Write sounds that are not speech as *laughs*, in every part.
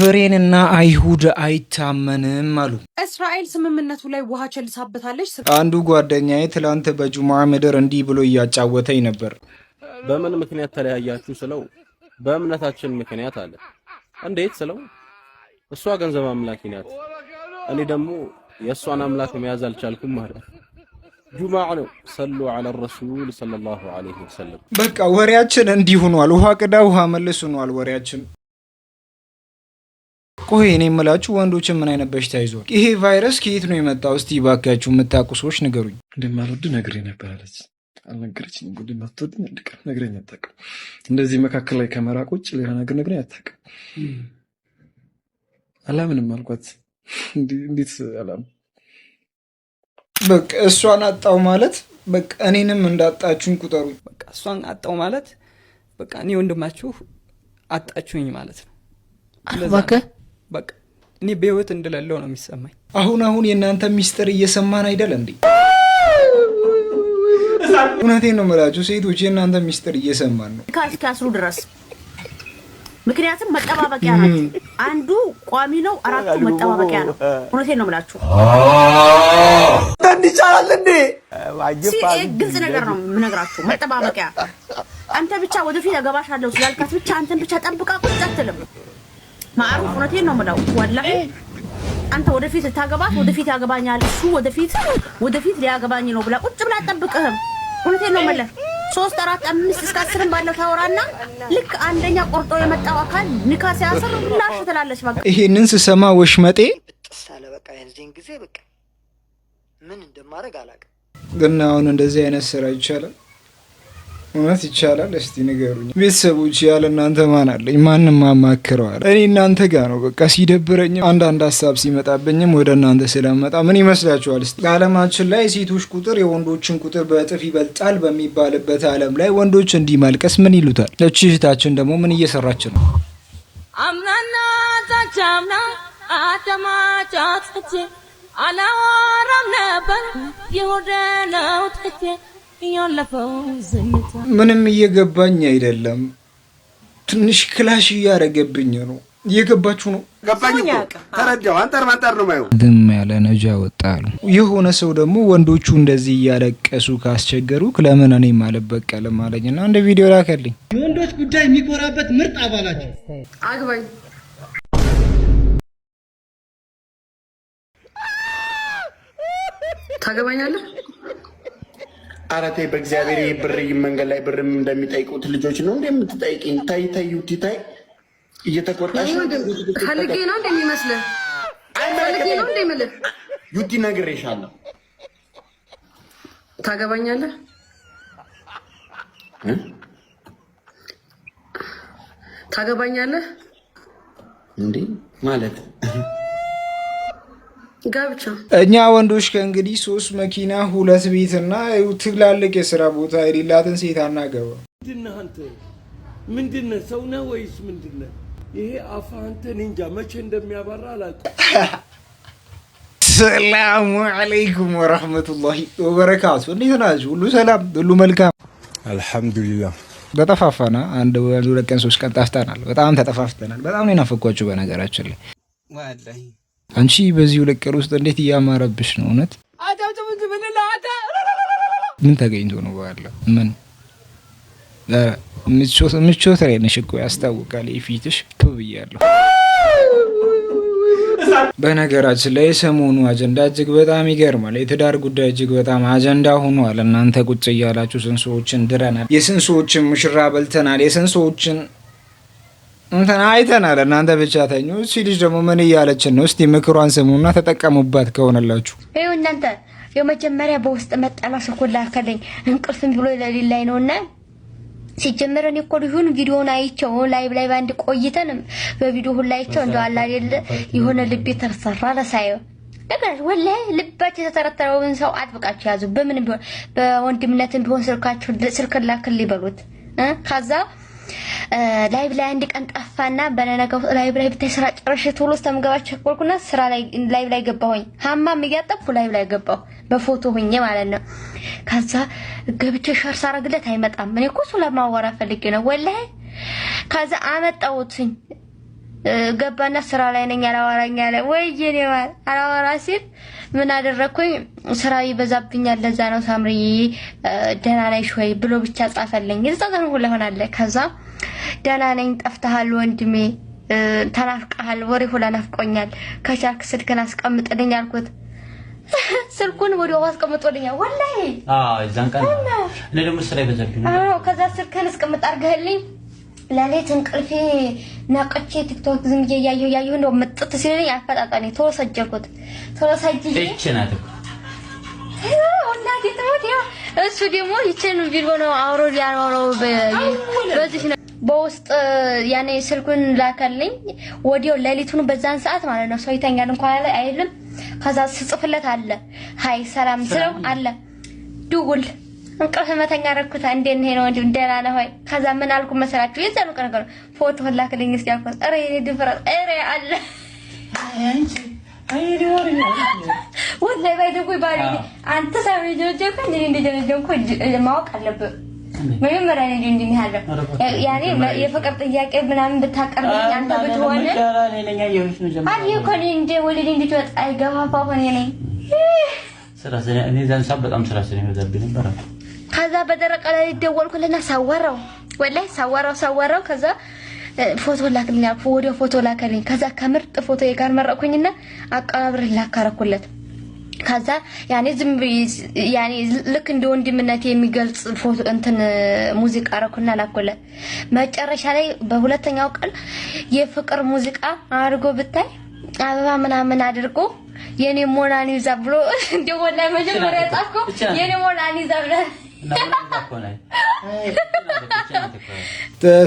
ፍሬንና አይሁድ አይታመንም አሉ። እስራኤል ስምምነቱ ላይ ውሃ ቸልሳበታለች። አንዱ ጓደኛዬ ትላንት በጁማ ምድር እንዲህ ብሎ እያጫወተኝ ነበር። በምን ምክንያት ተለያያችሁ ስለው በእምነታችን ምክንያት አለ። እንዴት ስለው እሷ ገንዘብ አምላኪ ናት፣ እኔ ደግሞ የእሷን አምላክ መያዝ አልቻልኩም አለ። ጁማዕ ነው ሰሉ አለ ረሱል ሰለላሁ ዐለይሂ ወሰለም። በቃ ወሬያችን እንዲህ ሆኗል። ውሃ ቅዳ ውሃ መልስ ሆኗል ወሬያችን። ቆይ እኔ የምላችሁ ወንዶችን ምን አይነት በሽታ ይዟል? ይሄ ቫይረስ ከየት ነው የመጣው? እስቲ ባካችሁ የምታውቁ ሰዎች ንገሩኝ። እንደማልወድ ነግሬ ነበር አለች። አልነገረችኝም። ጉድ ማትወድ ንድቀር ነግረኝ አታውቅም። እንደዚህ መካከል ላይ ከመራቅ ውጭ ሌላ ነገር ነግረኝ አታውቅም። አላምንም አልኳት። እንዴት አላም በቃ እሷን አጣው ማለት በቃ እኔንም እንዳጣችሁኝ ቁጠሩ። በቃ እሷን አጣው ማለት በቃ እኔ ወንድማችሁ አጣችሁኝ ማለት ነው። በቃ እኔ በህይወት እንደሌለው ነው የሚሰማኝ። አሁን አሁን የእናንተ ሚስጥር እየሰማን አይደል እንዴ? እውነቴን ነው የምላችሁ ሴቶች፣ የእናንተ ሚስጥር እየሰማን ነው እስኪያስሩ ድረስ። ምክንያቱም መጠባበቂያ ናቸው። አንዱ ቋሚ ነው፣ አራቱ መጠባበቂያ ነው። እውነቴን ነው የምላችሁ። ይቻላል እንዴ? ግልጽ ነገር ነው የምነግራችሁ። መጠባበቂያ አንተ ብቻ ወደፊት አገባሽ ስላልካት ብቻ አንተን ብቻ ጠብቃ ቁጭ አትልም ማዕሩፍ እውነቴን ነው የምለው ወላሂ አንተ ወደፊት ልታገባት ወደፊት ያገባኛል እሱ ወደፊት ወደፊት ሊያገባኝ ነው ብላ ቁጭ ብላ አጠብቅህም። እውነቴን ነው የምልህ ሶስት አራት አምስት እስከ አስርም ባለው ታወራና ልክ አንደኛ ቆርጦ የመጣው አካል ንካ ሲያስር ላሽ ትላለች። በቃ ይሄንን ስሰማ ወሽመጤ ጥሳለ በቃ የዚህን ጊዜ በቃ ምን እንደማደርግ አላውቅም። ግን አሁን እንደዚህ አይነት ስራ ይቻላል እውነት ይቻላል? እስቲ ንገሩኝ ቤተሰቦች። ያለ እናንተ ማን አለኝ? ማንም አማክረዋል። እኔ እናንተ ጋ ነው በቃ። ሲደብረኝም አንዳንድ ሀሳብ ሲመጣብኝም ወደ እናንተ ስለመጣ ምን ይመስላችኋል? እስቲ ከዓለማችን ላይ ሴቶች ቁጥር የወንዶችን ቁጥር በእጥፍ ይበልጣል በሚባልበት አለም ላይ ወንዶች እንዲህ ማልቀስ ምን ይሉታል? እቺ እህታችን ደግሞ ምን እየሰራች ነው? አምናና ታቻምና አተማጫ ነበር የሆደ ነው ምንም እየገባኝ አይደለም። ትንሽ ክላሽ እያደረገብኝ ነው። እየገባችሁ ነው? ገባኝ። ተረዳው። አንጠር ማንጠር ነው ማየው። ዝም ያለ ነጃ ወጣ አሉ። የሆነ ሰው ደግሞ ወንዶቹ እንደዚህ እያለቀሱ ካስቸገሩ ለምን እኔ አልበቀልም አለኝ እና አንድ ቪዲዮ ላከልኝ። የወንዶች ጉዳይ የሚኮራበት ምርጥ አባላቸው አግባኝ ታገባኛለህ አረቴ በእግዚአብሔር ይህ ብር መንገድ ላይ ብር እንደሚጠይቁት ልጆች ነው እንደ የምትጠይቅኝ? ታይ ታይ ዩቲ ታይ እየተቆጣሽ ፈልጌ ነው እንደሚመስልህ ፈልጌ ነው እንደሚልህ ዩቲ ነግሬሻለሁ። ታገባኛለህ ታገባኛለህ እንዴ ማለት ጋብቻ እኛ ወንዶች ከእንግዲህ ሶስት መኪና ሁለት ቤት እና ትላልቅ የስራ ቦታ የሌላትን ሴት አናገባ። ምንድነ አንተ? ምንድነ ሰው ነህ ወይስ ምንድነ? ይሄ አፍህ አንተ እንጃ መቼ እንደሚያበራ አላውቅም። ሰላሙ አለይኩም ወረህመቱላሂ ወበረካቱ። እንዴት ናችሁ? ሁሉ ሰላም፣ ሁሉ መልካም አልሐምዱሊላህ። በጠፋፋና አንድ ሁለት ቀን ሶስት ቀን ጣፍተናል። በጣም ተጠፋፍተናል። በጣም ነው የናፈኳችሁ በነገራችን ላይ አንቺ በዚህ ሁለት ቀን ውስጥ እንዴት እያማረብሽ ነው! እውነት ምን ተገኝቶ ነው? በኋላ ምን ምቾት ላይ ነሽ እኮ ያስታውቃል። የፊትሽ ቱ ብያለሁ። በነገራችን ላይ የሰሞኑ አጀንዳ እጅግ በጣም ይገርማል። የትዳር ጉዳይ እጅግ በጣም አጀንዳ ሆኗል። እናንተ ቁጭ እያላችሁ ስንሶዎችን ድረናል፣ የስንሶዎችን ሙሽራ በልተናል፣ የስንሶዎችን እንትን አይተናል። እናንተ ብቻ ተኙ። እሺ ልጅ ደግሞ ምን እያለችን ነው? እስቲ ምክሯን ስሙና ተጠቀሙባት ከሆነላችሁ። ይኸው እናንተ የመጀመሪያ በውስጥ መጣላ ሰኮላ ከለኝ እንቅልፍም ብሎ ለሌል ላይ እና ሲጀመር እኔ እኮ ልሁን ቪዲዮውን አይቼው ላይቭ ላይ ባንድ ቆይተን በቪዲዮ ሁሉ አይቼው እንደው አላ አይደለ የሆነ ልቤ ተሰራ ለሳየ ነገር ወላሂ ልባችሁ የተተረተረውን ሰው አጥብቃችሁ ያዙ። በምንም ቢሆን በወንድምነትም ቢሆን ስልካችሁ ስልክ ላክል ይበሉት ከዛ ላይቭ ላይ አንድ ቀን ጠፋና በነገው ላይቭ ላይ ብታይ ስራ ጨርሼ ቶሎ እስከምገባ ቸኮልኩና ስራ ላይ ላይቭ ላይ ገባሁኝ። ሀማም እያጠብኩ ላይቭ ላይ ገባሁ በፎቶ ሁኜ ማለት ነው። ከዛ ገብቼ ሸር ሳረግለት አይመጣም። እኔ እኮ እሱ ለማዋራ ፈልጌ ነው ወላሂ። ከዛ አመጣሁትኝ ገባና ስራ ላይ ነኝ አላወራኝ አለ። ወይ ጄኔ አላወራ ሲል ምን አደረግኩኝ? ስራ ይበዛብኛል ለዛ ነው ሳምሪ ደህና ነሽ ወይ ብሎ ብቻ ጻፈልኝ። ይጻፈን ሁሉ ይሆናል። ከዛ ደህና ነኝ ጠፍተሃል ወንድሜ ተናፍቀሃል፣ ወሬ ሁላ ናፍቆኛል። ከቻልክ ስልክን አስቀምጥልኝ አልኩት። *laughs* ስልኩን ወዲያው አስቀምጦልኛል። ወላሂ አዎ፣ እዛን ቀን እኔ ደግሞ ስራ ይበዛብኝ። አዎ፣ ከዛ ስልክህን አስቀምጥ አድርገህልኝ ለሌት እንቅልፌ ነቅቼ ቲክቶክ ዝም ብዬ እያየሁ እያየሁ እንደው መጥጥ ሲለኝ አፈጣጣኔ ቶሎ ሰጀርኩት። ቶሎ ሰጅዬ እቺ ናት ወላሂ ትሞት። ያ እሱ ደግሞ ይችን ቪዲዮ ነው አውሮ ሊያወራው በዚህ ነው በውስጥ ያኔ ስልኩን ላከልኝ ወዲያው ሌሊቱን በዛን ሰዓት ማለት ነው። ሰው ይተኛል እንኳን አለ አይልም። ከዛ ስጽፍለት አለ ሀይ ሰላም ስለው አለ ድውል እንቅልፍ መተኛ ረኩት እንዴ ነው ነው ደህና ነህ ወይ? ከዛ ምን አልኩ መሰላችሁ? የዛኑ ቀን ፎቶ ላክልኝ እስኪ አልኩት። ኧረ የኔ ድፍረት ኧረ አለ ወላሂ ባይደጉ ባሪ አንተ ሳቢ ጀጀኩ እንዴ እንዴ ማወቅ አለብህ። መጀመሪያ ነው እንዴ እንዴ ያኔ የፍቅር ጥያቄ ምናምን ብታቀርብ አንተ ብትሆን አይ እኮ እኔ እንደ ወለዴ እንድትወጣ አይገባም። አሁን ነኝ ስራ ስለ እኔ ዛን ሰዓት በጣም ስራ ስለሚበዛብኝ ነበር። ከዛ በደረቀ ላይ ደወልኩልና ሳወራው ወላሂ ሳወራው ሳወራው ከዛ ፎቶ ላክልኝ አልኩ። ፎቶ ላከልኝ። ከዛ ከምርጥ ፎቶ ጋር መረኩኝና አቀባብር ላካረኩለት። ከዛ ያኔ ዝም ያኔ ልክ እንደ ወንድምነት የሚገልጽ ፎቶ እንትን ሙዚቃ አረኩና ላኩለት። መጨረሻ ላይ በሁለተኛው ቀን የፍቅር ሙዚቃ አድርጎ ብታይ አበባ ምናምን አድርጎ የኔ ሞናሊዛ ብሎ *laughs* እንደው ወላሂ መጀመሪያ ጻፍኩ የኔ ሞናሊዛ ብለ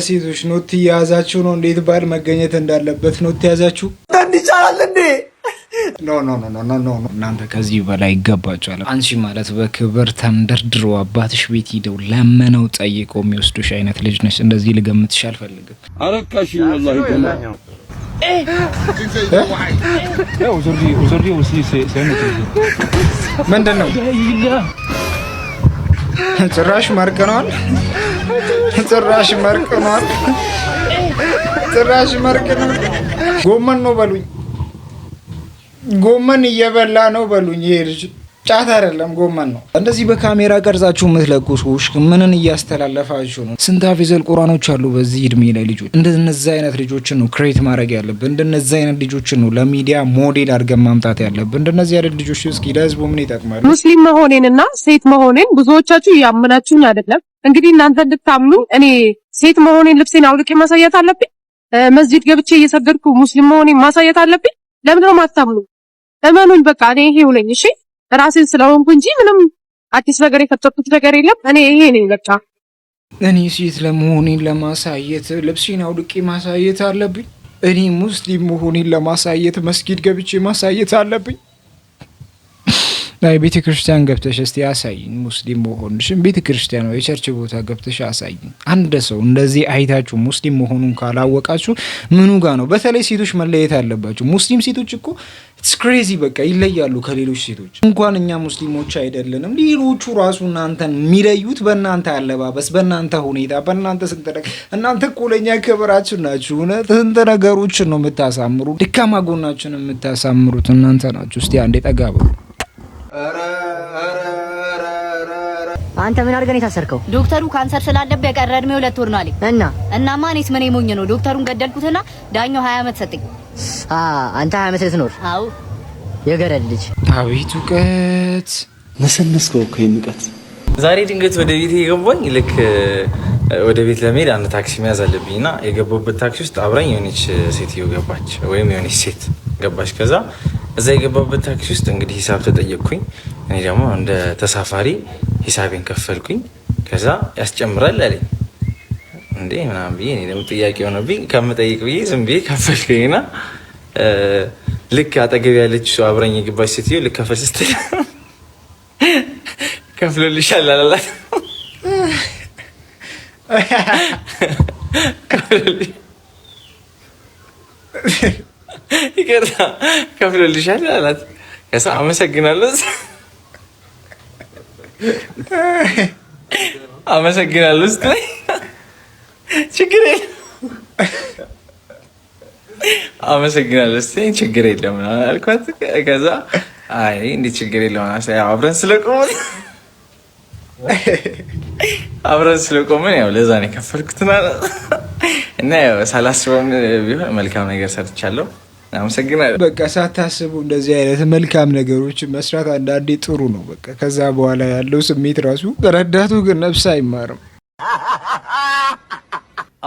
ሴቶች ኖት የያዛችሁ ነው። እንዴት ባል መገኘት እንዳለበት ኖት የያዛችሁ ይቻላል እንዴ? ኖ ኖ ኖ ኖ ኖ እናንተ ከዚህ በላይ ይገባችኋል። አንቺ ማለት በክብር ተንደርድሮ አባትሽ ቤት ሂደው ለመነው ጠይቆ የሚወስዱሽ አይነት ልጅ ነች። እንደዚህ ልገምትሽ አልፈልግም። አረካሽ ወላሂ ምንድን ነው ጭራሽ መርቅኗል። ጭራሽ መርቅኗል። ጭራሽ መርቅኗል። ጎመን ነው በሉኝ። ጎመን እየበላ ነው በሉኝ ይሄ ልጅ ጫት አይደለም ጎመን ነው። እንደዚህ በካሜራ ቀርጻችሁ የምትለቁሱ ውሽክ ምንን እያስተላለፋችሁ ነው? ስንት ሀፊዘል ቁራኖች አሉ በዚህ እድሜ ላይ ልጆች። እንደነዚ አይነት ልጆችን ነው ክሬት ማድረግ ያለብን። እንደነዚ አይነት ልጆችን ነው ለሚዲያ ሞዴል አድርገን ማምጣት ያለብን። እንደነዚህ አይነት ልጆች እስኪ ለህዝቡ ምን ይጠቅማል? ሙስሊም መሆኔንና ሴት መሆኔን ብዙዎቻችሁ እያመናችሁኝ አይደለም። እንግዲህ እናንተ እንድታምኑ እኔ ሴት መሆኔን ልብሴን አውልቄ ማሳየት አለብኝ? መስጂድ ገብቼ እየሰገድኩ ሙስሊም መሆኔን ማሳየት አለብኝ? ለምንድነው ማታምኑ? እመኑኝ፣ በቃ እኔ ይሄው ነኝ። እሺ ራሴን ስለሆንኩ እንጂ ምንም አዲስ ነገር የፈጠርኩት ነገር የለም። እኔ ይሄ ነኝ በቃ። እኔ ሴት ለመሆኔን ለማሳየት ልብሴን አውልቄ ማሳየት አለብኝ። እኔ ሙስሊም መሆኔን ለማሳየት መስጊድ ገብቼ ማሳየት አለብኝ። ቤተ ክርስቲያን ገብተሽ እስቲ አሳይኝ ሙስሊም መሆንሽን። ቤተ ክርስቲያን ወይ ቸርች ቦታ ገብተሽ አሳይኝ። አንድ ሰው እንደዚህ አይታችሁ ሙስሊም መሆኑን ካላወቃችሁ ምኑ ጋ ነው? በተለይ ሴቶች መለየት አለባችሁ። ሙስሊም ሴቶች እኮ ስክሬዚ በቃ ይለያሉ ከሌሎች ሴቶች። እንኳን እኛ ሙስሊሞች አይደለንም ሌሎቹ ራሱ እናንተን የሚለዩት በእናንተ አለባበስ፣ በእናንተ ሁኔታ፣ በእናንተ ስንት ነገር። እናንተ እኮ ለእኛ ክብራችን ናችሁ። እውነት ስንት ነገሮችን ነው የምታሳምሩ፣ ድካማ ጎናችን የምታሳምሩት እናንተ ናችሁ። እስቲ አንዴ ጠጋ በሉ። አንተ ምን አድርገን የታሰርከው? ዶክተሩ ካንሰር ስላለብህ የቀረ እድሜ ሁለት ወር ነው አለኝ እና እናማ እኔስ ምን ሞኝ ነው ዶክተሩን ገደልኩትና ዳኛው ሀያ ዓመት ሰጠኝ። አንተ ሀያ ዓመት ልትኖር? አዎ። የገረድ ልጅ። አቤት እውቀት ነሰነስከው እኮ ንቀት። ዛሬ ድንገት ወደ ቤት የገባኝ ልክ ወደ ቤት ለመሄድ አንድ ታክሲ መያዝ አለብኝ እና የገባሁበት ታክሲ ውስጥ አብራኝ የሆነች ሴትዮ ገባች፣ ወይም የሆነች ሴት ገባች። ከዛ እዛ የገባበት ታክሲ ውስጥ እንግዲህ ሂሳብ ተጠየቅኩኝ። እኔ ደግሞ እንደ ተሳፋሪ ሂሳቤን ከፈልኩኝ። ከዛ ያስጨምራል አለኝ እንዴ ምናምን ብዬ እኔ ደግሞ ጥያቄ ሆነብኝ ከምጠይቅ ብዬ ዝም ብዬ ከፈልኩኝና ልክ አጠገብ ያለች ሰው አብረኝ የገባች ሴትዮ ልክ ከፈል ስትል *laughs* ከፍሎልሻል አላላት። *laughs* ይቅርታ ከፍሎልሻል አላት። ከዛ አመሰግናለሁ አመሰግናለሁ ስትለኝ ችግር የለም አመሰግናለሁ። ችግር የለም አልኳት። ከዛ አይ ችግር የለም አብረን ስለቆምን አብረን ስለቆምን ያው ለዛ ነው የከፈልኩትና እና ያው ሳላስበውም ቢሆን መልካም ነገር ሰርቻለሁ። አመሰግናለሁ። በቃ ሳታስቡ እንደዚህ አይነት መልካም ነገሮች መስራት አንዳንዴ ጥሩ ነው። በቃ ከዛ በኋላ ያለው ስሜት ራሱ ረዳቱ ግን ነፍስ አይማርም።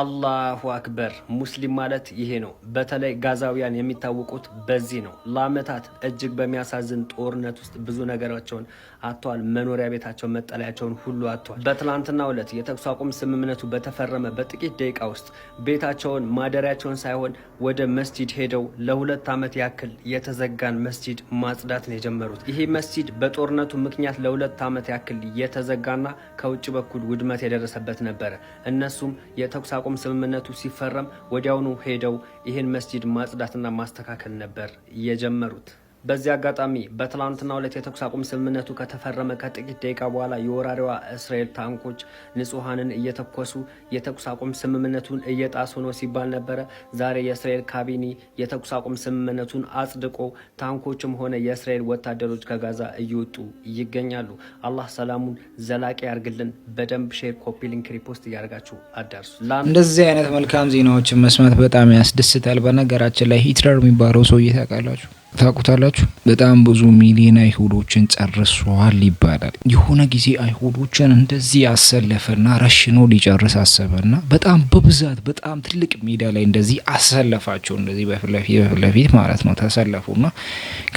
አላሁ አክበር ሙስሊም ማለት ይሄ ነው። በተለይ ጋዛውያን የሚታወቁት በዚህ ነው። ለአመታት እጅግ በሚያሳዝን ጦርነት ውስጥ ብዙ ነገራቸውን አጥተዋል። መኖሪያ ቤታቸውን፣ መጠለያቸውን ሁሉ አጥተዋል። በትናንትናው ዕለት የተኩስ አቁም ስምምነቱ በተፈረመ በጥቂት ደቂቃ ውስጥ ቤታቸውን፣ ማደሪያቸውን ሳይሆን ወደ መስጂድ ሄደው ለሁለት ዓመት ያክል የተዘጋን መስጂድ ማጽዳት ነው የጀመሩት። ይሄ መስጂድ በጦርነቱ ምክንያት ለሁለት ዓመት ያክል የተዘጋና ከውጭ በኩል ውድመት የደረሰበት ነበረ። እነሱም የተኩስ አቁም ስምምነቱ ሲፈረም ወዲያውኑ ሄደው ይህን መስጂድ ማጽዳትና ማስተካከል ነበር የጀመሩት። በዚህ አጋጣሚ በትላንትና ዕለት የተኩስ አቁም ስምምነቱ ከተፈረመ ከጥቂት ደቂቃ በኋላ የወራሪዋ እስራኤል ታንኮች ንጹሐንን እየተኮሱ የተኩስ አቁም ስምምነቱን እየጣሱ ነው ሲባል ነበረ። ዛሬ የእስራኤል ካቢኔ የተኩስ አቁም ስምምነቱን አጽድቆ ታንኮችም ሆነ የእስራኤል ወታደሮች ከጋዛ እየወጡ ይገኛሉ። አላህ ሰላሙን ዘላቂ ያርግልን። በደንብ ሼር፣ ኮፒ፣ ሊንክ፣ ሪፖስት እያደርጋችሁ አዳርሱ። እንደዚህ አይነት መልካም ዜናዎችን መስማት በጣም ያስደስታል። በነገራችን ላይ ሂትለር የሚባለው ሰው እየታቃላችሁ ታውቁታላችሁ። በጣም ብዙ ሚሊዮን አይሁዶችን ጨርሷል ይባላል። የሆነ ጊዜ አይሁዶችን እንደዚህ አሰለፈና ረሽኖ ሊጨርስ አሰበና በጣም በብዛት በጣም ትልቅ ሜዳ ላይ እንደዚህ አሰለፋቸው። እንደዚህ በፊት ለፊት በፊት ለፊት ማለት ነው ተሰለፉና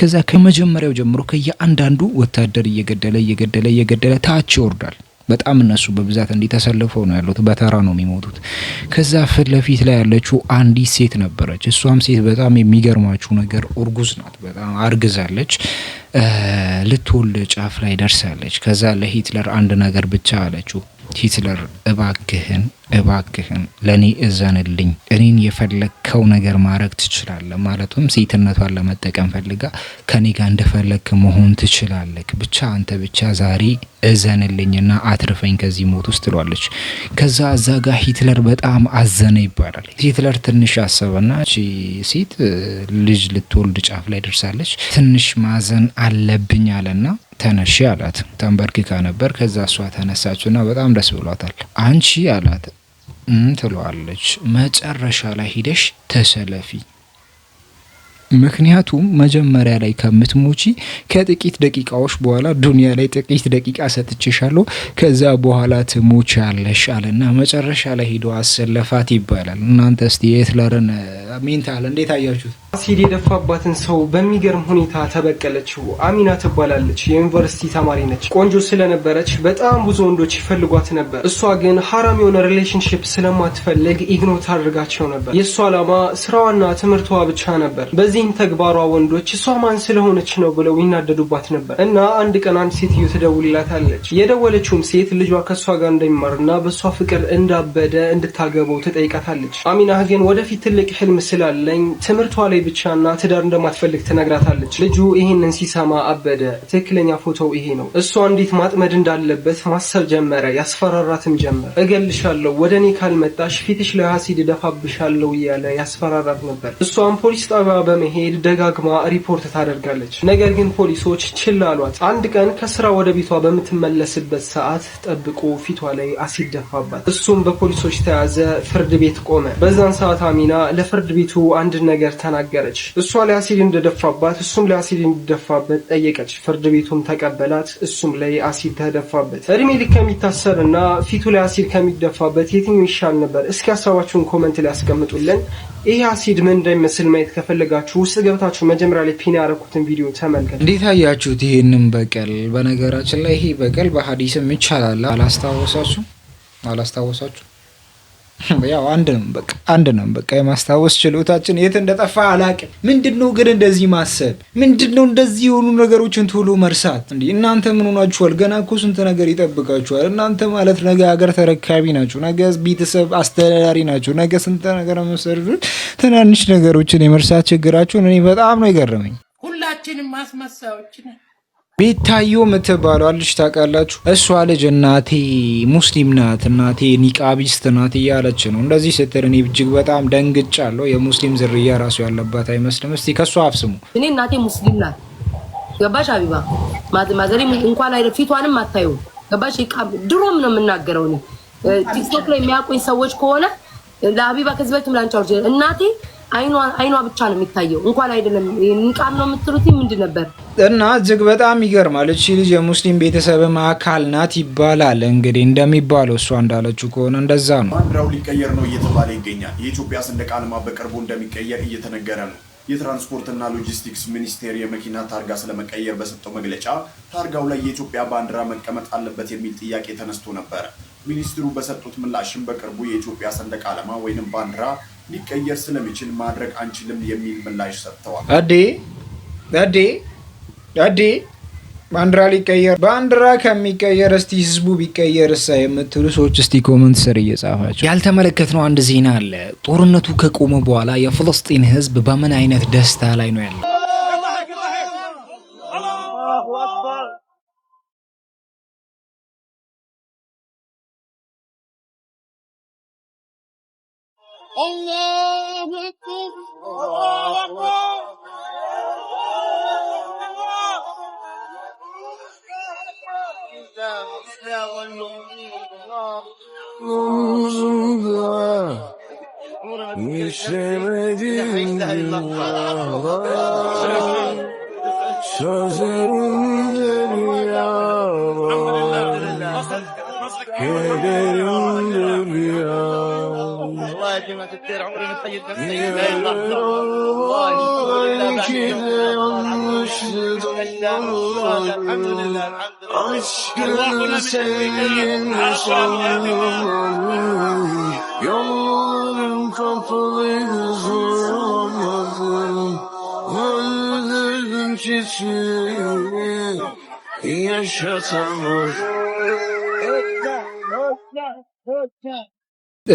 ከዛ ከመጀመሪያው ጀምሮ ከየአንዳንዱ ወታደር እየገደለ እየገደለ እየገደለ ታች ይወርዳል። በጣም እነሱ በብዛት እንዲተሰልፈው ነው ያሉት። በተራ ነው የሚሞቱት። ከዛ ፊት ለፊት ላይ ያለችው አንዲት ሴት ነበረች። እሷም ሴት በጣም የሚገርማችሁ ነገር እርጉዝ ናት። በጣም አርግዛለች። ልትወልድ ጫፍ ላይ ደርሳለች። ከዛ ለሂትለር አንድ ነገር ብቻ አለችው። ሂትለር እባክህን እባክህን ለእኔ እዘንልኝ፣ እኔን የፈለግከው ነገር ማድረግ ትችላለህ። ማለቱም ሴትነቷን ለመጠቀም ፈልጋ ከኔ ጋር እንደፈለግክ መሆን ትችላለህ፣ ብቻ አንተ ብቻ ዛሬ እዘንልኝና አትርፈኝ ከዚህ ሞት ውስጥ ትሏለች። ከዛ እዛ ጋር ሂትለር በጣም አዘነ ይባላል። ሂትለር ትንሽ አሰበና ሴት ልጅ ልትወልድ ጫፍ ላይ ደርሳለች፣ ትንሽ ማዘን አለብኝ አለና ተነሺ አላት። ተንበርክካ ነበር። ከዛ እሷ ተነሳችና በጣም ደስ ብሏታል። አንቺ አላት ትለዋለች፣ መጨረሻ ላይ ሂደሽ ተሰለፊ ምክንያቱም መጀመሪያ ላይ ከምትሞቺ ከጥቂት ደቂቃዎች በኋላ ዱንያ ላይ ጥቂት ደቂቃ ሰጥቼሻለሁ፣ ከዛ በኋላ አለሽ አለና መጨረሻ ላይ ሂዶ አሰለፋት ይባላል። እናንተ እስቲ የትለርን ሜንታል እንዴት አያችሁት? አሲድ የደፋባትን ሰው በሚገርም ሁኔታ ተበቀለችው። አሚና ትባላለች። የዩኒቨርሲቲ ተማሪ ነች። ቆንጆ ስለነበረች በጣም ብዙ ወንዶች ይፈልጓት ነበር። እሷ ግን ሀራም የሆነ ሪሌሽንሽፕ ስለማትፈልግ ኢግኖር ታደርጋቸው ነበር። የእሷ ዓላማ ስራዋና ትምህርቷ ብቻ ነበር። በዚህም ተግባሯ ወንዶች እሷ ማን ስለሆነች ነው ብለው ይናደዱባት ነበር እና አንድ ቀን አንድ ሴትዮ ትደውልላታለች። የደወለችውም ሴት ልጇ ከእሷ ጋር እንደሚማርና በእሷ ፍቅር እንዳበደ እንድታገበው ትጠይቃታለች። አሚና ግን ወደፊት ትልቅ ህልም ስላለኝ ትምህርቷ ላይ ብቻና ትዳር እንደማትፈልግ ትነግራታለች። ልጁ ይህንን ሲሰማ አበደ። ትክክለኛ ፎቶው ይሄ ነው። እሷ እንዴት ማጥመድ እንዳለበት ማሰብ ጀመረ። ያስፈራራትም ጀመር። እገልሻለሁ፣ ወደ እኔ ካልመጣሽ ፊትሽ ላይ አሲድ እደፋብሻለሁ እያለ ያስፈራራት ነበር። እሷም ፖሊስ ጣቢያ በመሄድ ደጋግማ ሪፖርት ታደርጋለች። ነገር ግን ፖሊሶች ችል አሏት። አንድ ቀን ከስራ ወደ ቤቷ በምትመለስበት ሰዓት ጠብቆ ፊቷ ላይ አሲድ ደፋባት። እሱም በፖሊሶች ተያዘ፣ ፍርድ ቤት ቆመ። በዛን ሰዓት አሚና ለፍርድ ቤቱ አንድ ነገር ተናገ ተናገረች። እሷ ለአሲድ አሲድ እንደደፋባት እሱም ለአሲድ አሲድ እንዲደፋበት ጠየቀች። ፍርድ ቤቱም ተቀበላት። እሱም ላይ አሲድ ተደፋበት። እድሜ ልክ ከሚታሰርና ፊቱ ላይ አሲድ ከሚደፋበት የትኛው ይሻል ነበር? እስኪ ሀሳባችሁን ኮመንት ላይ ያስቀምጡልን። ይህ አሲድ ምን እንደሚመስል ማየት ከፈለጋችሁ ውስጥ ገብታችሁ መጀመሪያ ላይ ፒን ያደረኩትን ቪዲዮ ተመልከቱ። እንዴት አያችሁት ይህንን በቀል? በነገራችን ላይ ይሄ በቀል በሀዲስም ይቻላል። አላስታወሳችሁ አላስታወሳችሁ *laughs* ያው አንድ ነው በቃ አንድ ነው በቃ። የማስታወስ ችሎታችን የት እንደጠፋ አላቅም። ምንድን ነው ግን እንደዚህ ማሰብ? ምንድን ነው እንደዚህ የሆኑ ነገሮችን ቶሎ መርሳት? እንዲህ እናንተ ምን ሆናችኋል? ገና እኮ ስንት ነገር ይጠብቃችኋል። እናንተ ማለት ነገ ሀገር ተረካቢ ናቸው፣ ነገ ቤተሰብ አስተዳዳሪ ናቸው፣ ነገ ስንት ነገር መሰርዱት። ትናንሽ ነገሮችን የመርሳት ችግራችሁን እኔ በጣም ነው የገረመኝ። ሁላችንም አስመሳዮች ነን። ቤታዮ የምትባለው ልጅ ታውቃላችሁ? እሷ ልጅ እናቴ ሙስሊም ናት፣ እናቴ ኒቃቢስት ናት እያለች ነው። እንደዚህ ስትል እኔ እጅግ በጣም ደንግጫለሁ። የሙስሊም ዝርያ ራሱ ያለባት አይመስልም። እስቲ ከእሷ አፍስሙ። እኔ እናቴ ሙስሊም ናት። ገባሽ አቢባ? ማዘሪ እንኳን አይደል ፊቷንም አታዩ። ገባሽ? ድሮም ነው የምናገረው እኔ ቲክቶክ ላይ የሚያውቁኝ ሰዎች ከሆነ ለአቢባ ከዚህ በፊት እናቴ አይኗ ብቻ ነው የሚታየው። እንኳን አይደለም ንቃም ነው የምትሉት ምንድን ነበር? እና እጅግ በጣም ይገርማል። እቺ ልጅ የሙስሊም ቤተሰብም አካል ናት ይባላል። እንግዲህ እንደሚባለው እሷ እንዳለችው ከሆነ እንደዛ ነው። ባንዲራው ሊቀየር ነው እየተባለ ይገኛል። የኢትዮጵያ ሰንደቅ ዓላማ በቅርቡ እንደሚቀየር እየተነገረ ነው። የትራንስፖርትና ሎጂስቲክስ ሚኒስቴር የመኪና ታርጋ ስለመቀየር በሰጠው መግለጫ ታርጋው ላይ የኢትዮጵያ ባንዲራ መቀመጥ አለበት የሚል ጥያቄ ተነስቶ ነበር። ሚኒስትሩ በሰጡት ምላሽም በቅርቡ የኢትዮጵያ ሰንደቅ ዓላማ ወይንም ባንዲራ ሊቀየር ስለሚችል ማድረግ አንችልም የሚል ምላሽ ሰጥተዋል። አዴ ባንዲራ ሊቀየር ባንዲራ ከሚቀየር እስቲ ህዝቡ ቢቀየር እሳ የምትሉ ሰዎች እስቲ ኮመንት ስር እየጻፋቸው ያልተመለከትነው አንድ ዜና አለ። ጦርነቱ ከቆመ በኋላ የፍልስጤን ህዝብ በምን አይነት ደስታ ላይ ነው ያለው? Allahu Ekber. Allahu Ekber. Omzumda ya, yıllara Sözlerimde حياتي ما تدير عمري ما تخيل نفسي aşkın senin sonum Yollarım kapalı zorlamadım Öldürdüm çiçeğimi Yaşatamadım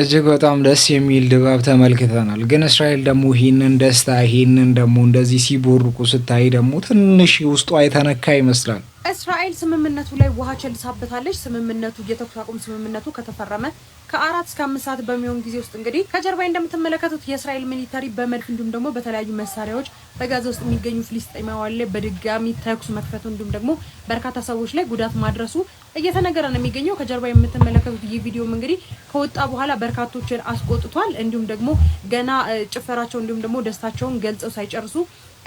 እጅግ በጣም ደስ የሚል ድባብ ተመልክተናል። ግን እስራኤል ደግሞ ይህንን ደስታ ይህንን ደግሞ እንደዚህ ሲቦርቁ ስታይ ደግሞ ትንሽ ውስጧ የተነካ ይመስላል። እስራኤል ስምምነቱ ላይ ውሃ ቸልሳበታለች። ስምምነቱ የተኩስ አቁም ስምምነቱ ከተፈረመ ከአራት እስከ አምስት ሰዓት በሚሆን ጊዜ ውስጥ እንግዲህ ከጀርባ እንደምትመለከቱት የእስራኤል ሚሊተሪ በመድፍ እንዲሁም ደግሞ በተለያዩ መሳሪያዎች በጋዛ ውስጥ የሚገኙ ፍልስጤማውያን ላይ በድጋሚ ተኩስ መክፈቱ እንዲሁም ደግሞ በርካታ ሰዎች ላይ ጉዳት ማድረሱ እየተነገረ ነው የሚገኘው። ከጀርባ የምትመለከቱት ይህ ቪዲዮም እንግዲህ ከወጣ በኋላ በርካቶችን አስቆጥቷል። እንዲሁም ደግሞ ገና ጭፈራቸው እንዲሁም ደግሞ ደስታቸውን ገልጸው ሳይጨርሱ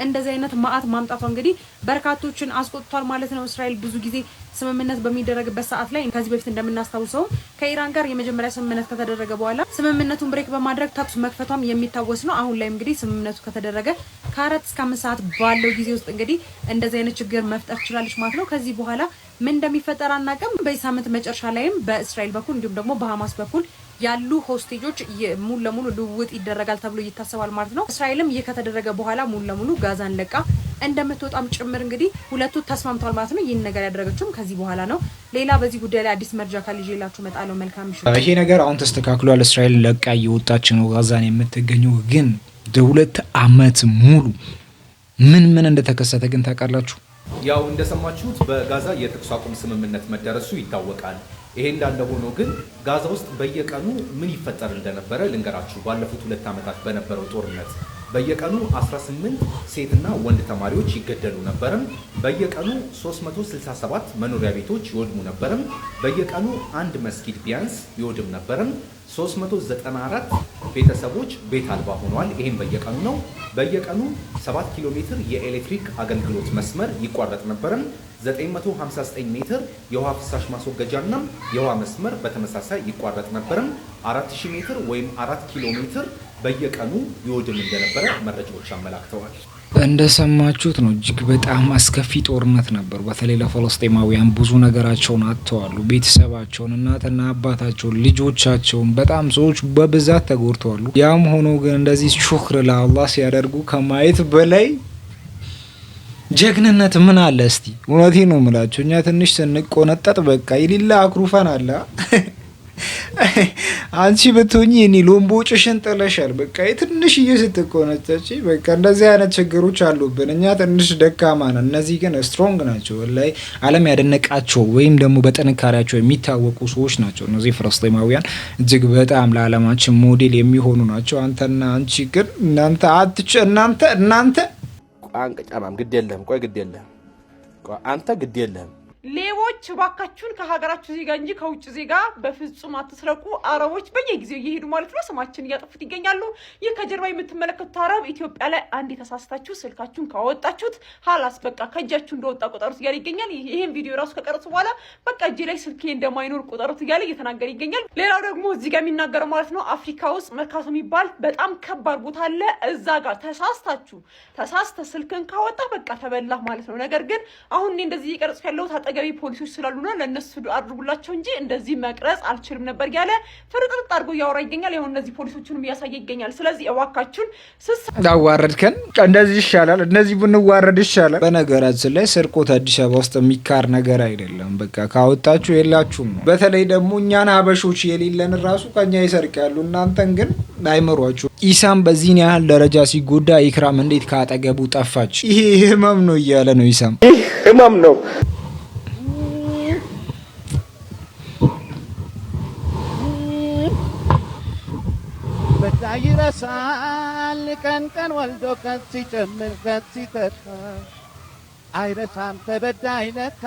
እንደዚህ አይነት ማአት ማምጣቷ እንግዲህ በርካቶችን አስቆጥቷል ማለት ነው። እስራኤል ብዙ ጊዜ ስምምነት በሚደረግበት ሰዓት ላይ ከዚህ በፊት እንደምናስታውሰው ከኢራን ጋር የመጀመሪያ ስምምነት ከተደረገ በኋላ ስምምነቱን ብሬክ በማድረግ ተኩስ መክፈቷም የሚታወስ ነው። አሁን ላይ እንግዲህ ስምምነቱ ከተደረገ ከአራት እስከ አምስት ሰዓት ባለው ጊዜ ውስጥ እንግዲህ እንደዚህ አይነት ችግር መፍጠር ትችላለች ማለት ነው። ከዚህ በኋላ ምን እንደሚፈጠር አናውቅም። በዚህ ሳምንት መጨረሻ ላይም በእስራኤል በኩል እንዲሁም ደግሞ በሀማስ በኩል ያሉ ሆስቴጆች ሙሉ ለሙሉ ልውውጥ ይደረጋል ተብሎ ይታሰባል ማለት ነው። እስራኤልም ይህ ከተደረገ በኋላ ሙሉ ለሙሉ ጋዛን ለቃ እንደምትወጣም ጭምር እንግዲህ ሁለቱ ተስማምተዋል ማለት ነው። ይህን ነገር ያደረገችውም ከዚህ በኋላ ነው። ሌላ በዚህ ጉዳይ ላይ አዲስ መረጃ ካለ ይዤላችሁ እመጣለሁ። መልካም ይሄ ነገር አሁን ተስተካክሏል። እስራኤል ለቃ እየወጣች ነው ጋዛን የምትገኘው ግን ለሁለት አመት ሙሉ ምን ምን እንደተከሰተ ግን ታውቃላችሁ። ያው እንደሰማችሁት በጋዛ የተኩስ አቁም ስምምነት መደረሱ ይታወቃል። ይሄ እንዳለ ሆኖ ግን ጋዛ ውስጥ በየቀኑ ምን ይፈጠር እንደነበረ ልንገራችሁ። ባለፉት ሁለት ዓመታት በነበረው ጦርነት በየቀኑ 18 ሴትና ወንድ ተማሪዎች ይገደሉ ነበርም። በየቀኑ 367 መኖሪያ ቤቶች ይወድሙ ነበርም። በየቀኑ አንድ መስጊድ ቢያንስ ይወድም ነበርም። 394 ቤተሰቦች ቤት አልባ ሆኗል። ይህም በየቀኑ ነው። በየቀኑ 7 ኪሎ ሜትር የኤሌክትሪክ አገልግሎት መስመር ይቋረጥ ነበርም። 959 ሜትር የውሃ ፍሳሽ ማስወገጃና የውሃ መስመር በተመሳሳይ ይቋረጥ ነበርም። 4000 ሜትር ወይም 4 ኪሎ ሜትር በየቀኑ ይወድም እንደነበረ መረጃዎች አመላክተዋል። እንደሰማችሁት ነው። እጅግ በጣም አስከፊ ጦርነት ነበር። በተለይ ለፈለስጤማውያን ብዙ ነገራቸውን አጥተዋሉ። ቤተሰባቸውን፣ እናትና አባታቸውን፣ ልጆቻቸውን በጣም ሰዎች በብዛት ተጎድተዋሉ። ያም ሆኖ ግን እንደዚህ ሹክር ለአላህ ሲያደርጉ ከማየት በላይ ጀግንነት ምን አለ እስቲ? እውነቴ ነው ምላቸው። እኛ ትንሽ ስንቆነጠጥ በቃ የሌላ አኩርፈን አለ *laughs* አንቺ ብትሆኚ እኔ ሎምቦጭሽን ጥለሻል። በቃ የትንሽ እየ ስትኮነቻች በቃ እንደዚህ አይነት ችግሮች አሉብን። እኛ ትንሽ ደካማ ነን፣ እነዚህ ግን ስትሮንግ ናቸው። ላይ ዓለም ያደነቃቸው ወይም ደግሞ በጥንካሬያቸው የሚታወቁ ሰዎች ናቸው። እነዚህ ፍልስጤማውያን እጅግ በጣም ለዓለማችን ሞዴል የሚሆኑ ናቸው። አንተና አንቺ ግን እናንተ አትች እናንተ እናንተ አንቅ ጫማም ግድ የለህም። ቆይ ግድ የለህም አንተ ግድ የለህም ሌቦች እባካችሁን ከሀገራችሁ ዜጋ እንጂ ከውጭ ዜጋ በፍጹም አትስረቁ። አረቦች በየጊዜው እየሄዱ ማለት ነው ስማችን እያጠፉት ይገኛሉ። ይህ ከጀርባ የምትመለከቱት አረብ ኢትዮጵያ ላይ አንድ የተሳስታችሁ ስልካችሁን ካወጣችሁት ሀላስ በቃ ከእጃችሁ እንደወጣ ቁጠሩት እያለ ይገኛል። ይህም ቪዲዮ ራሱ ከቀረጹ በኋላ በቃ እጄ ላይ ስልኬ እንደማይኖር ቁጠሩት እያለ እየተናገረ ይገኛል። ሌላው ደግሞ እዚህ ጋር የሚናገረው ማለት ነው አፍሪካ ውስጥ መርካቶ የሚባል በጣም ከባድ ቦታ አለ። እዛ ጋር ተሳስታችሁ ተሳስተ ስልክን ካወጣ በቃ ተበላህ ማለት ነው። ነገር ግን አሁን እኔ እንደዚህ እየቀረጽኩ ያለሁት አጠገቤ ፖሊሶች ስላሉና ለእነሱ አድርጉላቸው እንጂ እንደዚህ መቅረጽ አልችልም ነበር ያለ ፍርጥርጥ አድርጎ እያወራ ይገኛል። ያሁን እነዚህ ፖሊሶችንም እያሳየ ይገኛል። ስለዚህ እባካችሁን ስስ አዋረድከን። እንደዚህ ይሻላል፣ እነዚህ ብንዋረድ ይሻላል። በነገራችን ላይ ስርቆት አዲስ አበባ ውስጥ የሚካር ነገር አይደለም። በቃ ካወጣችሁ የላችሁም ነው። በተለይ ደግሞ እኛን ሀበሾች የሌለን ራሱ ከኛ ይሰርቃሉ። እናንተን ግን አይምሯችሁ። ኢሳም በዚህን ያህል ደረጃ ሲጎዳ ኢክራም እንዴት ካጠገቡ ጠፋች? ይሄ ህመም ነው እያለ ነው ኢሳም። ይህ ህመም ነው። አይረሳል ቀን ቀን ወልዶ ቀን ሲጨምር ቀን ሲተካ አይረሳም ተበዳይ ነካ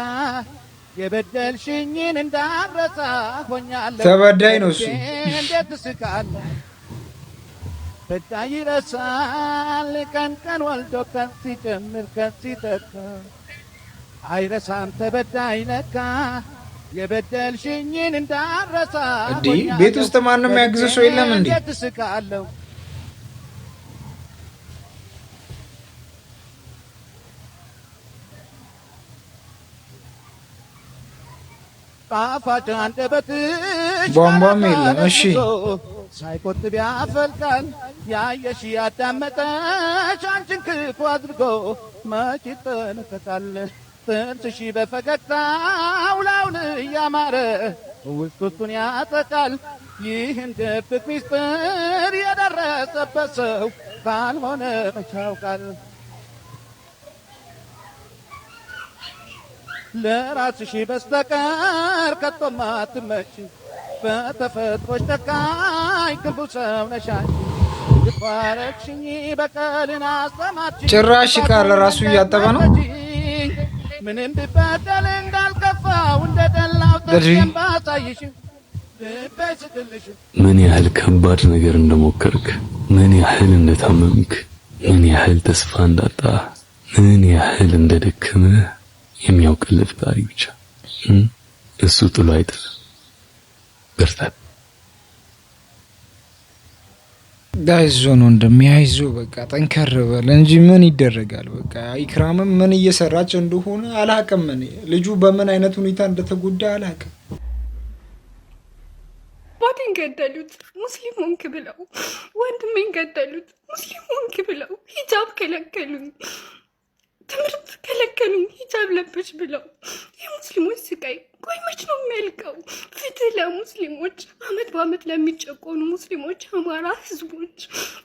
የበደልሽኝን እንዳረሳ ሆኛለሁ ተበዳይ ነው እሱ እንዴት ስቃለሁ በዳይ ይረሳል ቀን ቀን ወልዶ ቀን ሲጨምር ቀን ሲተካ አይረሳም ተበዳይ ነካ የበደልሽኝን እንዳረሳ እንዴ! ቤት ውስጥ ማንም ያግዝሽ ሰው የለም እንዴ? ትስቃለሁ። ጣፋጭ አንደበትሽ ቧንቧም የለም። እሺ ሳይቆጥብ ያፈልቃል። ያየሽ ያዳመጠሽ አንቺን ክፉ አድርጎ መች ይጠነቀቃል? ስንት ሺህ በፈገግታ አውላውን እያማረ ውስጥ ውስጡን ያጠቃል። ይህን ድብቅ ሚስጥር የደረሰበት ሰው ባልሆነ መች ያውቃል። ለራስሽ በስተቀር ከቶም አትመች፣ በተፈጥሮች ጠቃኝ ክንፉ ሰው በቀልን አንቺ። ጭራሽ ካለ ራሱ እያጠበ ነው ምንም ቢበደል እንዳልከፋው እንደጠላው ባሳይሽ ምን ያህል ከባድ ነገር እንደሞከርክ፣ ምን ያህል እንደታመምክ፣ ምን ያህል ተስፋ እንዳጣ፣ ምን ያህል እንደደከመ የሚያውቅልህ ፈጣሪ ብቻ። እሱ ጥሎ አይጥልም። በርታት። አይዞን ወንድም አይዞ፣ በቃ ጠንከር በል እንጂ ምን ይደረጋል። በቃ ኢክራምም ምን እየሰራች እንደሆነ አላቅም። እኔ ልጁ በምን አይነት ሁኔታ እንደተጎዳ አላቅም። ባቴን ገደሉት ሙስሊም ሆንክ ብለው፣ ወንድሜን ገደሉት ሙስሊም ሆንክ ብለው፣ ሂጃብ ከለከሉኝ። ትምህርት ከለከሉኝ ሂጃብ ለበሽ ብለው። የሙስሊሞች ስቃይ ቆይ መች ነው የሚያልቀው? ፍትህ ለሙስሊሞች፣ አመት በአመት ለሚጨቆኑ ሙስሊሞች፣ አማራ ህዝቦች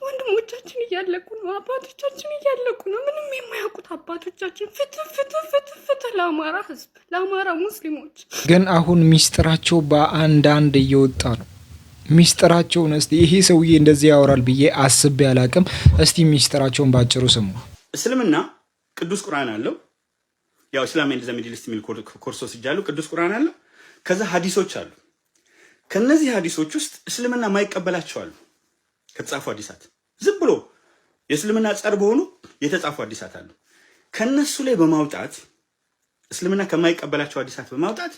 ወንድሞቻችን እያለቁ ነው። አባቶቻችን እያለቁ ነው። ምንም የማያውቁት አባቶቻችን። ፍትህ ፍትህ ፍትህ ፍትህ ለአማራ ህዝብ፣ ለአማራ ሙስሊሞች። ግን አሁን ሚስጥራቸው በአንዳንድ እየወጣ ነው። ሚስጥራቸውን እስቲ ይሄ ሰውዬ እንደዚህ ያወራል ብዬ አስቤ አላቅም። እስቲ ሚስጥራቸውን ባጭሩ ስሙ። እስልምና ቅዱስ ቁርአን አለው። ያው ኢስላም ኤንድ ዘ ሚድል ኢስት የሚል ኮርስ ወስጃለሁ። ቅዱስ ቁርአን አለው። ከዛ ሀዲሶች አሉ። ከነዚህ ሀዲሶች ውስጥ እስልምና ማይቀበላቸው አሉ። ከተጻፉ ሀዲሳት ዝም ብሎ የእስልምና ጸር በሆኑ የተጻፉ ሀዲሳት አሉ። ከነሱ ላይ በማውጣት እስልምና ከማይቀበላቸው ሀዲሳት በማውጣት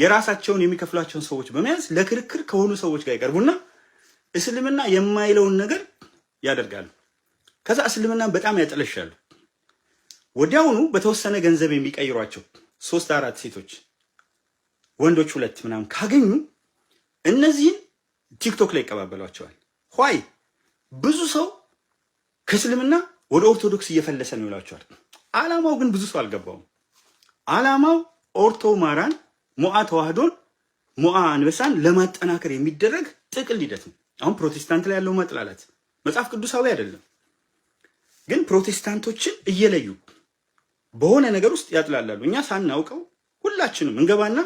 የራሳቸውን የሚከፍሏቸውን ሰዎች በመያዝ ለክርክር ከሆኑ ሰዎች ጋር ይቀርቡና እስልምና የማይለውን ነገር ያደርጋሉ። ከዛ እስልምና በጣም ያጠለሻሉ። ወዲያውኑ በተወሰነ ገንዘብ የሚቀይሯቸው ሶስት አራት ሴቶች ወንዶች ሁለት ምናምን ካገኙ እነዚህን ቲክቶክ ላይ ይቀባበሏቸዋል። ኋይ ብዙ ሰው ከእስልምና ወደ ኦርቶዶክስ እየፈለሰ ነው ይሏቸዋል። አላማው ግን ብዙ ሰው አልገባውም። አላማው ኦርቶ ማራን ሞአ ተዋህዶን ሞአ አንበሳን ለማጠናከር የሚደረግ ጥቅል ሂደት ነው። አሁን ፕሮቴስታንት ላይ ያለው መጥላላት መጽሐፍ ቅዱሳዊ አይደለም፣ ግን ፕሮቴስታንቶችን እየለዩ በሆነ ነገር ውስጥ ያጥላላሉ። እኛ ሳናውቀው ሁላችንም እንገባና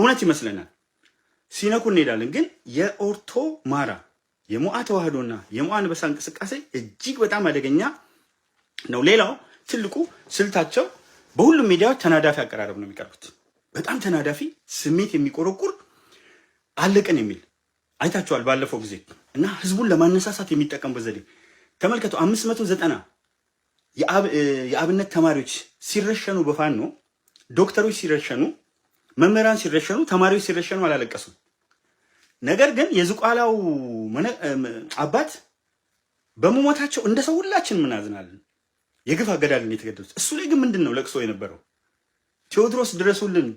እውነት ይመስለናል ሲነኩ እንሄዳለን። ግን የኦርቶ ማራ የሙአ ተዋህዶና የሙአ አንበሳ እንቅስቃሴ እጅግ በጣም አደገኛ ነው። ሌላው ትልቁ ስልታቸው በሁሉም ሚዲያዎች ተናዳፊ አቀራረብ ነው የሚቀርቡት። በጣም ተናዳፊ፣ ስሜት የሚቆረቁር አለቅን የሚል አይታችኋል ባለፈው ጊዜ እና ህዝቡን ለማነሳሳት የሚጠቀሙበት ዘዴ ተመልከቱ። አምስት መቶ ዘጠና የአብነት ተማሪዎች ሲረሸኑ በፋኖ ዶክተሮች ሲረሸኑ፣ መምህራን ሲረሸኑ፣ ተማሪዎች ሲረሸኑ አላለቀሱም። ነገር ግን የዝቋላው አባት በመሞታቸው እንደ ሰው ሁላችን ምናዝናለን። የግፍ አገዳልን የተገደሉት እሱ ላይ ግን ምንድን ነው ለቅሶ የነበረው? ቴዎድሮስ ድረሱልን፣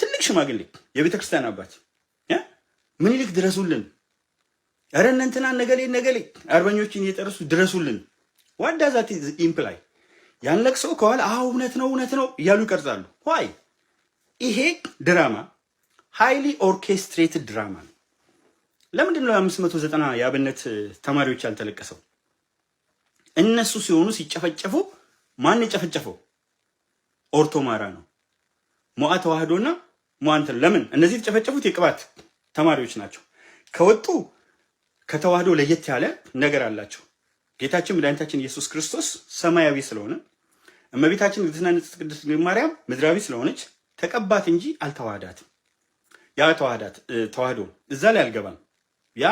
ትልቅ ሽማግሌ የቤተ ክርስቲያን አባት ምኒልክ ድረሱልን፣ እረ እነ ነገሌ ነገሌ አርበኞችን እየጠረሱ ድረሱልን ዋት ዳዝ ዛት ኢምፕላይ ያንለቅ ሰው ከኋላ አዎ እውነት ነው እውነት ነው እያሉ ይቀርጻሉ። ዋይ ይሄ ድራማ ሃይሊ ኦርኬስትሬትድ ድራማ ነው። ለምንድን ነው አምስት መቶ ዘጠና የአብነት ተማሪዎች ያልተለቀሰው? እነሱ ሲሆኑ ሲጨፈጨፉ ማን የጨፈጨፈው? ኦርቶ ማራ ነው። ሞአ ተዋህዶና ሞአንተ ለምን እነዚህ የተጨፈጨፉት የቅባት ተማሪዎች ናቸው። ከወጡ ከተዋህዶ ለየት ያለ ነገር አላቸው። ጌታችን መድኃኒታችን ኢየሱስ ክርስቶስ ሰማያዊ ስለሆነ እመቤታችን ንግሥትና ንጽሕት ቅድስት ድንግል ማርያም ምድራዊ ስለሆነች ተቀባት እንጂ አልተዋህዳትም። ያ ተዋህዳት ተዋህዶ እዛ ላይ አልገባም። ያ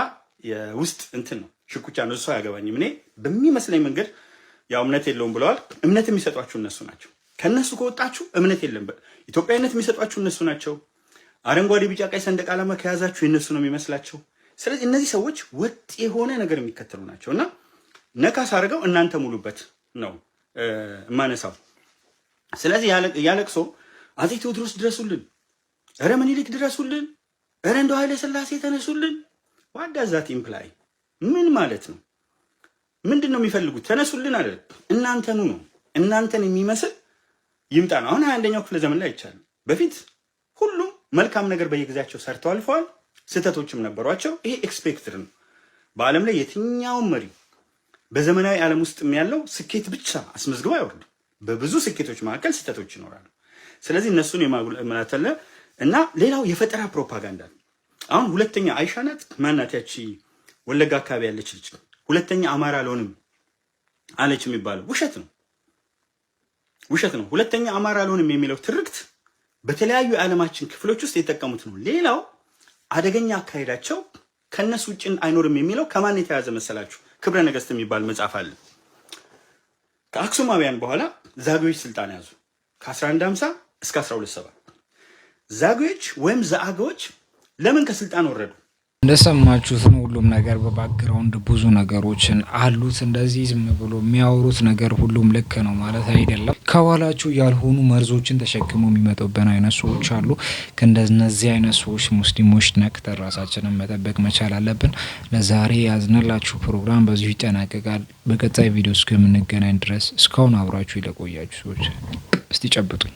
የውስጥ እንትን ነው ሽኩቻ ነው። እሱ አያገባኝም። እኔ በሚመስለኝ መንገድ ያው እምነት የለውም ብለዋል። እምነት የሚሰጧችሁ እነሱ ናቸው። ከእነሱ ከወጣችሁ እምነት የለም። ኢትዮጵያዊነት የሚሰጧችሁ እነሱ ናቸው። አረንጓዴ፣ ቢጫ፣ ቀይ ሰንደቅ ዓላማ ከያዛችሁ የእነሱ ነው የሚመስላቸው። ስለዚህ እነዚህ ሰዎች ወጥ የሆነ ነገር የሚከተሉ ናቸው እና ነካ አድርገው እናንተ ሙሉበት ነው የማነሳው። ስለዚህ ያለቅሶ አፄ ቴዎድሮስ ድረሱልን፣ ረ ምኒልክ ድረሱልን፣ ረ እንደው ኃይለ ስላሴ ተነሱልን። ዛት ኢምፕላይ ምን ማለት ነው? ምንድን ነው የሚፈልጉት? ተነሱልን አለ እናንተኑ ነው እናንተን የሚመስል ይምጣ ነው። አሁን ሀያ አንደኛው ክፍለ ዘመን ላይ አይቻልም። በፊት ሁሉም መልካም ነገር በየጊዜያቸው ሰርተው አልፈዋል። ስህተቶችም ነበሯቸው። ይሄ ኤክስፔክትድ ነው። በዓለም ላይ የትኛውም መሪ በዘመናዊ ዓለም ውስጥ ያለው ስኬት ብቻ አስመዝግበው አይወርድም። በብዙ ስኬቶች መካከል ስህተቶች ይኖራሉ። ስለዚህ እነሱን የማጉላተለ እና ሌላው የፈጠራ ፕሮፓጋንዳ ነው። አሁን ሁለተኛ አይሻ ናት ማናት ያቺ ወለጋ አካባቢ ያለች ልጅ ሁለተኛ አማራ አልሆንም አለች የሚባለው ውሸት ነው፣ ውሸት ነው። ሁለተኛ አማራ አልሆንም የሚለው ትርክት በተለያዩ የዓለማችን ክፍሎች ውስጥ የጠቀሙት ነው። ሌላው አደገኛ አካሄዳቸው ከእነሱ ውጭ አይኖርም የሚለው ከማን የተያዘ መሰላችሁ? ክብረ ነገስት የሚባል መጽሐፍ አለ። ከአክሱማውያን በኋላ ዛጉዎች ስልጣን ያዙ ከ1150 እስከ 1270 ዛጉዎች ወይም ዘአገዎች ለምን ከስልጣን ወረዱ? እንደሰማችሁት ነው። ሁሉም ነገር በባክግራውንድ ብዙ ነገሮችን አሉት። እንደዚህ ዝም ብሎ የሚያወሩት ነገር ሁሉም ልክ ነው ማለት አይደለም። ከኋላችሁ ያልሆኑ መርዞችን ተሸክመው የሚመጡብን አይነት ሰዎች አሉ። ከእንደነዚህ አይነት ሰዎች ሙስሊሞች ነቅተን ራሳችንን መጠበቅ መቻል አለብን። ለዛሬ ያዝነላችሁ ፕሮግራም በዚሁ ይጠናቀቃል። በቀጣይ ቪዲዮ እስከምንገናኝ ድረስ እስካሁን አብራችሁ ለቆያችሁ ሰዎች እስቲ ጨብጡኝ።